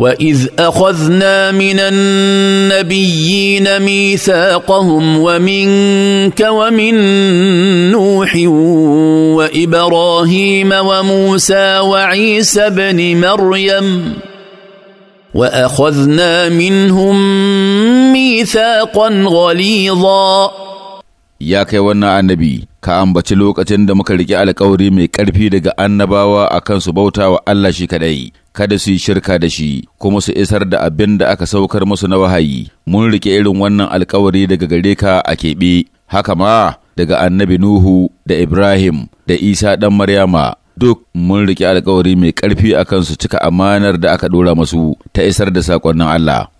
واذ اخذنا من النبيين ميثاقهم ومنك ومن نوح وابراهيم وموسى وعيسى بن مريم واخذنا منهم ميثاقا غليظا يا كيوانا النبي كأن بچلوك أتند مكاليكي على قوري مي كالبي لغا أنباوا أكان سبوتا وألا شكالي kada su yi shirka da shi kuma su isar da abin da aka saukar musu na wahayi mun rike irin wannan alkawari daga gare ka a keɓe haka ma daga annabi nuhu da ibrahim da isa ɗan maryama duk mun rike alkawari mai ƙarfi akan su cika amanar da aka ɗora masu ta isar da saƙonnin allah